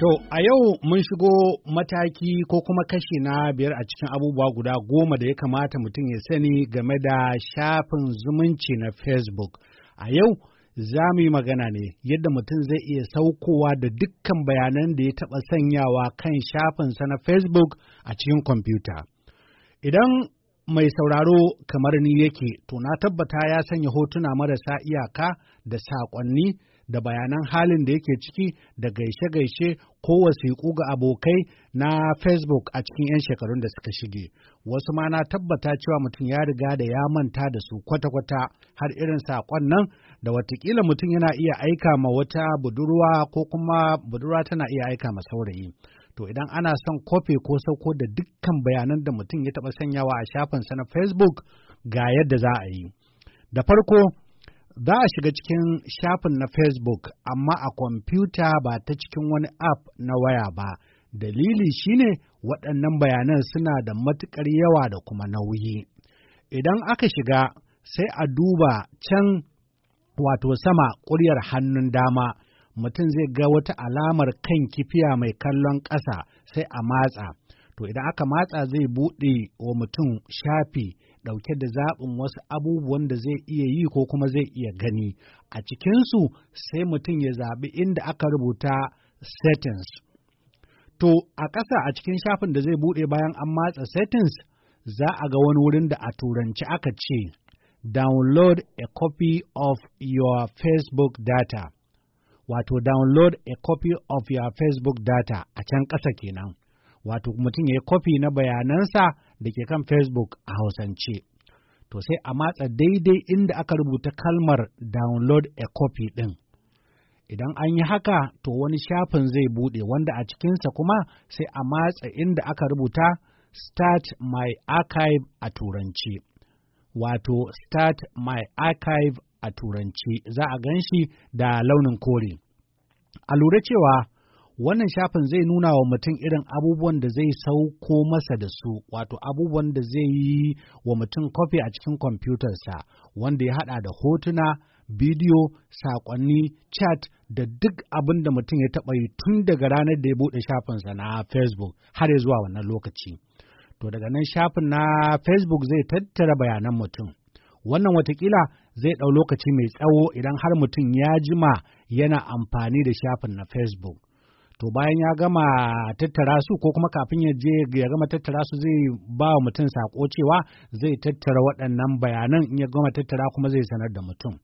To, a yau mun shigo mataki ko kuma kashi na biyar a cikin abubuwa guda goma da ya kamata mutum ya sani game da shafin zumunci na Facebook. A yau za mu yi magana ne yadda mutum zai iya saukowa da dukkan bayanan da ya taɓa sanyawa kan shafinsa na Facebook a cikin kwamfuta. Idan mai sauraro kamar ni yake to na tabbata ya sanya hotuna marasa iyaka da saƙonni da bayanan halin da yake ciki da gaishe-gaishe ko wasiƙu ga abokai na facebook a cikin 'yan shekarun da suka shige wasu ma na tabbata cewa mutum ya riga da ya manta da su kwata-kwata har irin saƙon nan da watakila mutum yana iya aika ma wata budurwa ko kuma budurwa tana iya aika ma saurayi To idan ana son kofe ko sauko da dukkan bayanan da mutum ya taba sanyawa a shafinsa na Facebook ga yadda za a yi. Da farko, za a shiga cikin shafin na Facebook amma a kwamfuta ba ta cikin wani app na waya ba. Dalili shine waɗannan bayanan suna da matuƙar yawa da kuma nauyi. Idan aka shiga sai a duba can wato sama ƙuryar hannun dama mutum zai ga wata alamar kan kifiya mai kallon ƙasa sai a matsa. To idan aka matsa zai buɗe wa mutum shafi ɗauke da zaɓin wasu abubuwan da zai iya yi ko kuma zai iya gani. A cikinsu sai mutum ya zaɓi inda aka rubuta settings. To a ƙasa a cikin shafin da zai buɗe bayan an matsa settings za a ga wani wurin da a turanci aka ce download a copy of your Facebook data. wato download a copy of your Facebook data a can ƙasa kenan, wato mutum ya yi copy na bayanansa da ke kan Facebook a Hausance. To sai a matsa daidai inda aka rubuta kalmar download a copy ɗin. Idan an yi haka to wani shafin zai buɗe wanda a cikinsa kuma sai a matsa inda aka rubuta Start My Archive a Turanci. Wato Start My Archive a turanci za a gan shi da launin kore. A lura cewa wannan shafin zai nuna wa mutum irin abubuwan da zai sauko masa da su wato abubuwan da zai yi wa mutum kofi a cikin kwamfutarsa wanda ya haɗa da hotuna bidiyo saƙonni chat da duk abin da mutum ya taɓa yi tun daga ranar da ya buɗe shafinsa na facebook har ya zuwa wannan lokaci to daga nan shafin na facebook zai tattara bayanan mutum wannan watakila zai ɗau lokaci mai tsawo idan har mutum ya jima yana amfani da shafin na Facebook. To bayan ya gama tattara su ko kuma kafin ya je ya gama tattara su zai ba wa mutum sako cewa zai tattara waɗannan bayanan in ya gama tattara kuma zai sanar da mutum.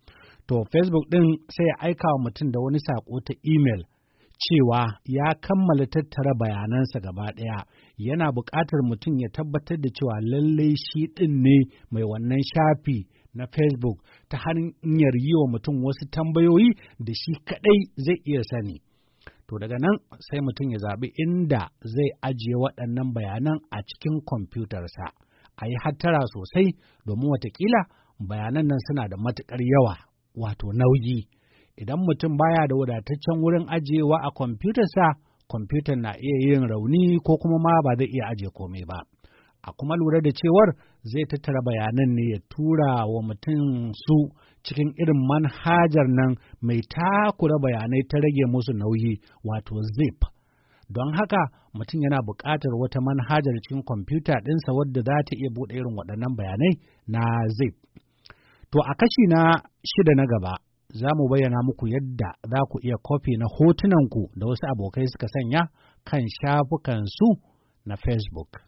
To Facebook ɗin sai ya aika wa mutum da wani sako ta email cewa ya kammala tattara bayanansa gaba ɗaya yana buƙatar mutum ya tabbatar da cewa lallai shi ɗin ne mai wannan shafi na Facebook ta hanyar yi wa mutum wasu tambayoyi da shi kaɗai zai iya sani. To daga nan sai mutum ya zaɓi inda zai ajiye waɗannan bayanan a cikin kwamfutarsa. A yi hattara sosai domin watakila bayanan nan suna da matuƙar yawa, wato nauyi. Idan mutum baya da wadataccen wurin ajiyewa a kwamfutarsa, kwamfutar na iya yin rauni ko kuma ma ba zai iya ajiye komai ba. a kuma lura da cewar zai tattara bayanan ne ya tura wa mutum su cikin irin manhajar nan mai takura bayanai ta rage musu nauyi wato zip. Don haka mutum yana buƙatar wata manhajar cikin kwamfuta ɗinsa wadda za ta iya buɗe irin waɗannan bayanai na zip. To a kashi na shida na gaba za mu bayyana muku yadda za ku iya kofi na hotunanku da wasu abokai suka sanya kan shafukansu na Facebook.